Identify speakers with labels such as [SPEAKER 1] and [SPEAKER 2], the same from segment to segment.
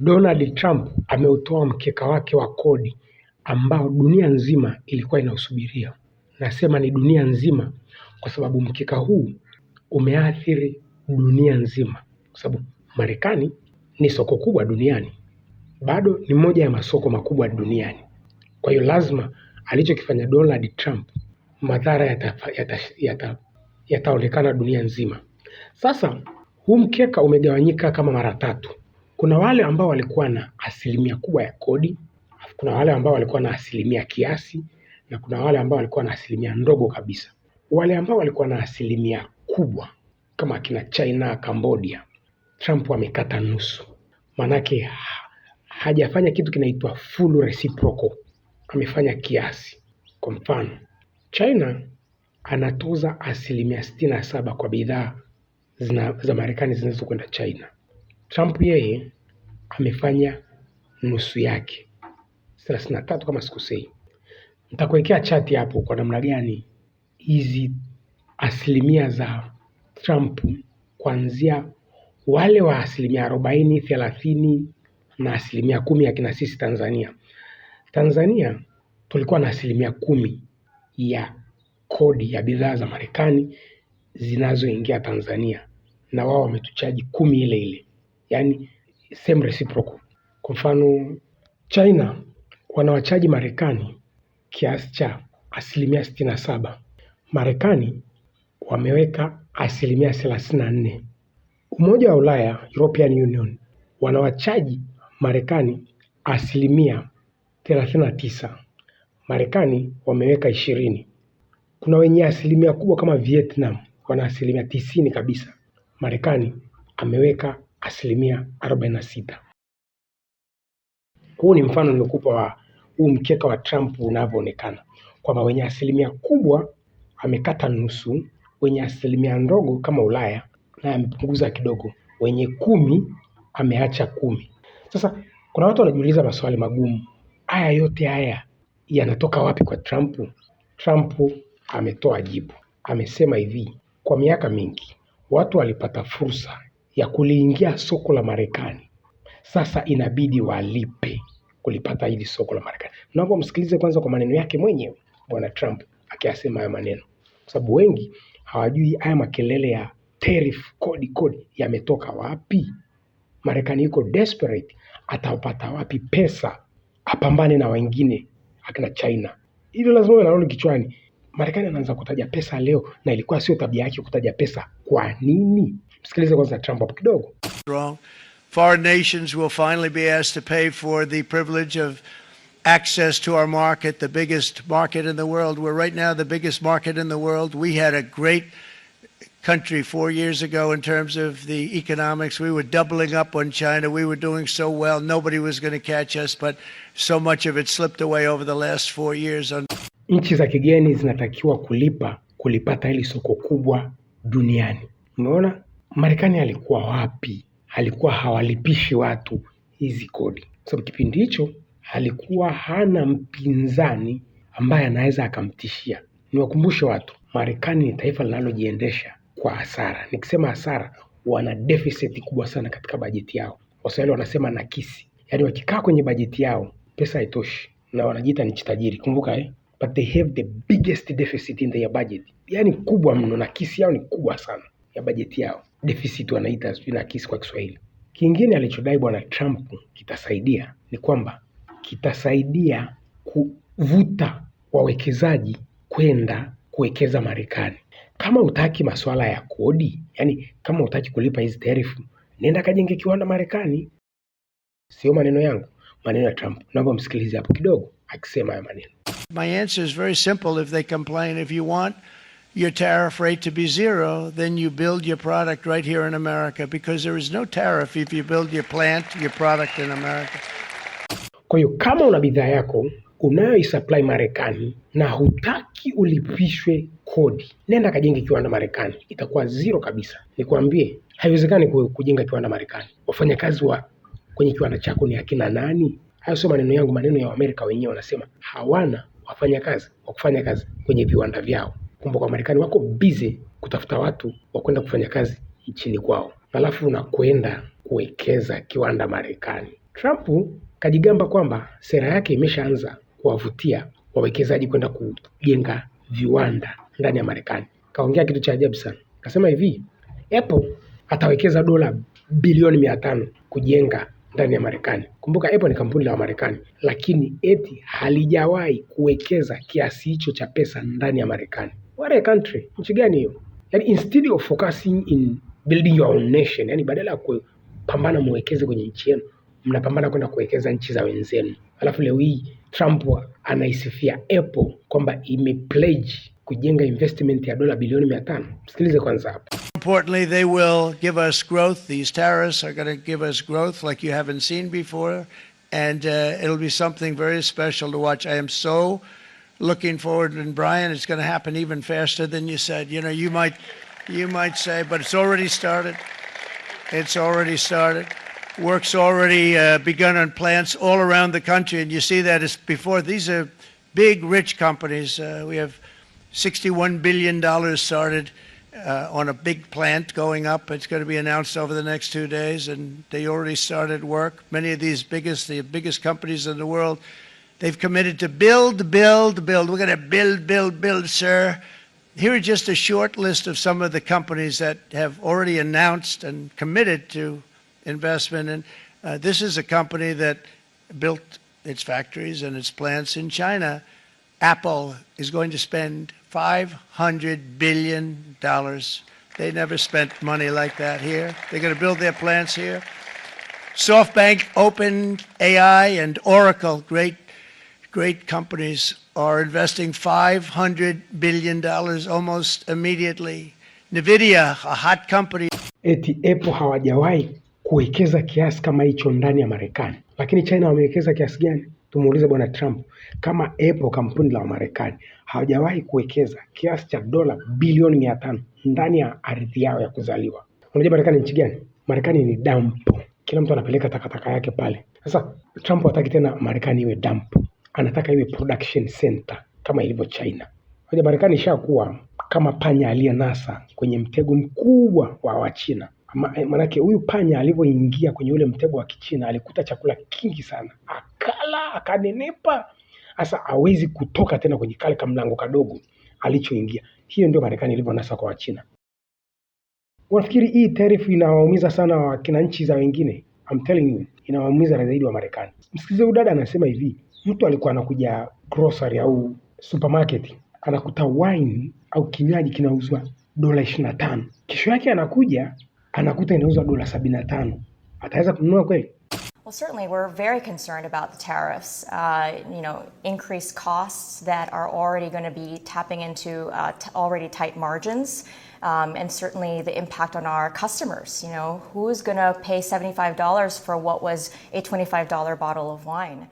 [SPEAKER 1] Donald Trump ameutoa mkeka wake wa kodi ambao dunia nzima ilikuwa inausubiria. Nasema ni dunia nzima kwa sababu mkeka huu umeathiri dunia nzima kwa sababu Marekani ni soko kubwa duniani, bado ni moja ya masoko makubwa duniani. Kwa hiyo lazima alichokifanya Donald Trump madhara yataonekana yata, yata, yata dunia nzima. Sasa huu mkeka umegawanyika kama mara tatu. Kuna wale ambao walikuwa na asilimia kubwa ya kodi, kuna wale ambao walikuwa na asilimia kiasi, na kuna wale ambao walikuwa na asilimia ndogo kabisa. Wale ambao walikuwa na asilimia kubwa kama akina China, Cambodia, Trump amekata nusu, maanake hajafanya kitu kinaitwa full reciprocal, amefanya kiasi. Kwa mfano, China anatoza asilimia sitini na saba kwa bidhaa za Marekani zinazokwenda China. Trump yeye amefanya nusu yake thelathini na tatu kama sikosei. Nitakuwekea chati hapo kwa namna gani hizi asilimia za Trump kuanzia wale wa asilimia arobaini, thelathini na asilimia kumi akina sisi Tanzania. Tanzania tulikuwa na asilimia kumi ya kodi ya bidhaa za Marekani zinazoingia Tanzania na wao wametuchaji kumi ile ile yani same reciprocal. Kwa mfano China wanawachaji Marekani kiasi cha asilimia sitini na saba, Marekani wameweka asilimia thelathini na nne. Umoja wa Ulaya European Union wanawachaji Marekani asilimia thelathini na tisa, Marekani wameweka ishirini. Kuna wenye asilimia kubwa kama Vietnam wana asilimia tisini kabisa, Marekani ameweka asilimia arobaini na sita. Huu ni mfano niliokupa wa huu mkeka wa Trump unavyoonekana kwamba wenye asilimia kubwa amekata nusu, wenye asilimia ndogo kama Ulaya naye amepunguza kidogo, wenye kumi ameacha kumi. Sasa kuna watu wanajiuliza maswali magumu, haya yote haya yanatoka wapi kwa Trump? Trump ametoa jibu, amesema hivi: kwa miaka mingi watu walipata fursa ya kuliingia soko la Marekani. Sasa inabidi walipe kulipata hili soko la Marekani. Naomba msikilize kwanza kwa maneno yake mwenyewe Bwana Trump akiyasema haya maneno, kwa sababu wengi hawajui haya makelele ya tariff, kodi kodi yametoka wapi. Marekani iko desperate, atapata wapi pesa apambane na wengine akina China? Hilo lazima nalo kichwani. Marekani anaanza kutaja pesa leo, na ilikuwa sio tabia yake kutaja pesa. Kwa nini? msikilize kwanza Trump hapo kidogo. Wrong. Foreign nations will finally be asked to pay for the privilege of access to our market, the biggest market in the world. We're right now the biggest market in the world. We had a great country four years ago in terms of the economics. We were doubling up on China. We were doing so well. Nobody was going to catch us, but so much of it slipped away over the last four years. Nchi za kigeni zinatakiwa kulipa kulipata hili soko kubwa duniani. Umeona? Marekani alikuwa wapi? Alikuwa hawalipishi watu hizi kodi. Kwa sababu kipindi hicho alikuwa hana mpinzani ambaye anaweza akamtishia. Niwakumbushe watu, Marekani ni taifa linalojiendesha kwa hasara. Nikisema hasara, wana deficit kubwa sana katika bajeti yao. Waswahili wanasema nakisi, yaani wakikaa kwenye bajeti yao pesa haitoshi, na wanajiita nchi tajiri. Kumbuka eh? But they have the biggest deficit in their budget, yaani kubwa mno, nakisi yao ni kubwa sana ya bajeti yao, deficit wanaita, sijui na kisi kwa Kiswahili. Kingine alichodai bwana Trump kitasaidia ni kwamba kitasaidia kuvuta wawekezaji kwenda kuwekeza Marekani. Kama utaki masuala ya kodi, yani kama utaki kulipa hizi tarifu, nenda kajenge kiwanda Marekani. Sio maneno yangu, maneno ya Trump. Naomba msikilize hapo kidogo akisema haya maneno. My answer is very simple if they complain if you want your tariff rate to be zero, then you build your product right here in America because there is no tariff if you build your plant, your product in America. Kwa hiyo kama una bidhaa yako unayoisupply Marekani na hutaki ulipishwe kodi, nenda kajenge kiwanda Marekani, itakuwa zero kabisa. Nikwambie, haiwezekani kujenga kiwanda Marekani. Wafanyakazi wa kwenye kiwanda chako ni akina nani? Hayo sio maneno yangu, maneno ya amerika wenyewe. Wanasema hawana wafanyakazi wa kufanya kazi kwenye viwanda vyao. Kumbuka Wamarekani wako busy kutafuta watu wa kwenda kufanya kazi nchini kwao, halafu unakwenda kuwekeza kiwanda Marekani. Trump kajigamba kwamba sera yake imeshaanza kuwavutia wawekezaji kwenda kujenga viwanda ndani ya Marekani. Kaongea kitu cha ajabu sana, kasema hivi Apple atawekeza dola bilioni mia tano kujenga ndani ya Marekani. Kumbuka Apple ni kampuni la Wamarekani, lakini eti halijawahi kuwekeza kiasi hicho cha pesa ndani ya Marekani. what a country, nchi gani hiyo? Yani instead of focusing in building your own nation, yani badala ya kupambana muwekeze kwenye nchi yenu, mnapambana kwenda kuwekeza nchi za wenzenu. Alafu leo hii Trump anaisifia Apple kwamba imepledge kujenga investment ya dola bilioni mia tano. Msikilize kwanza hapo. Importantly, they will give us growth. These tariffs are going to give us growth like you haven't seen before. And uh, it'll be something very special to watch. I am so looking forward. And Brian, it's going to happen even faster than you said. You know, you might, you
[SPEAKER 2] might say, but it's already started. It's already started. Work's already uh, begun on plants all around the country, and you see that as before. These are big, rich companies. Uh, we have $61 billion started uh, on a big plant going up. It's going to be announced over the next two days, and they already started work. Many of these biggest, the biggest companies in the world, They've committed to build, build, build. We're going to build, build, build, sir. Here are just a short list of some of the companies that have already announced and committed to investment. And uh, this is a company that built its factories and its plants in China. Apple is going to spend $500 billion. They never spent money like that here. They're going to build their plants here. SoftBank, OpenAI, and Oracle, great great companies are investing $500 billion almost immediately. NVIDIA, a hot company.
[SPEAKER 1] Eti Apple hawajawahi kuwekeza kiasi kama hicho ndani ya Marekani, lakini China wamewekeza kiasi gani? Tumuulize bwana Trump, kama Apple kampuni la Marekani hawajawahi kuwekeza kiasi cha dola bilioni mia tano ndani ya ardhi yao ya kuzaliwa. Unajua Marekani nchi gani? Marekani ni dampo, kila mtu anapeleka takataka yake pale. Sasa Trump hataki tena Marekani iwe dampo anataka iwe production center kama ilivyo China. Hoja Marekani ishakuwa kama panya aliyenasa kwenye mtego mkubwa wa Wachina. Maanake huyu panya alivyoingia kwenye ule mtego wa Kichina alikuta chakula kingi sana, akala akanenepa, hasa hawezi kutoka tena kwenye kale kamlango kadogo alichoingia. Hiyo ndio Marekani ilivyonasa kwa Wachina. Unafikiri hii tarifu inawaumiza sana wakina nchi za wengine? I'm telling you, inawaumiza zaidi wa Marekani. Msikize udada anasema hivi, mtu alikuwa anakuja grocery au supermarket anakuta wine au kinywaji kinauzwa dola ishirini na tano, kesho yake anakuja anakuta inauzwa dola sabini na tano, ataweza kununua kweli? Well, certainly we're very concerned about the tariffs, uh, you know, increased costs that are already going to be tapping into uh, already tight margins, um, and certainly the impact on our customers. You know, who is going to pay $75 for what was a $25 bottle of wine?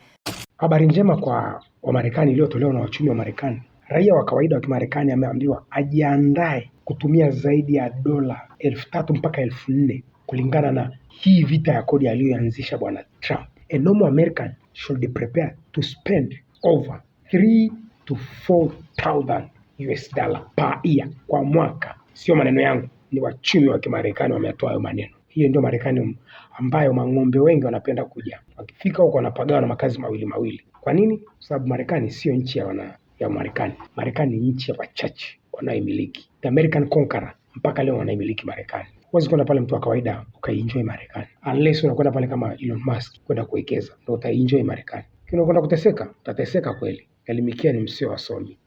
[SPEAKER 1] Habari njema kwa Wamarekani iliyotolewa na wachumi wa Marekani, raia wa kawaida wa Kimarekani ameambiwa ajiandae kutumia zaidi ya dola elfu tatu mpaka elfu nne kulingana na hii vita ya kodi aliyoanzisha bwana Trump. A normal American should prepare to spend over 3 to 4000 US dollar per year kwa mwaka. Sio maneno yangu, ni wachumi wa Kimarekani wametoa hayo maneno. Hiyo ndio Marekani ambayo mang'ombe wengi wanapenda kuja. Wakifika huko wanapagawa na makazi mawili mawili. Kwa nini? Kwa sababu Marekani sio nchi ya wana ya Marekani. Marekani ni nchi ya wachache wanaoimiliki. The American Conqueror mpaka leo wanaimiliki Marekani. Huwezi kwenda pale mtu wa kawaida ukaienjoy Marekani. Unless unakwenda pale kama Elon Musk kwenda kuwekeza ndio utaienjoy Marekani. Unakwenda kuteseka, utateseka kweli. Elimikia ni msio wasomi.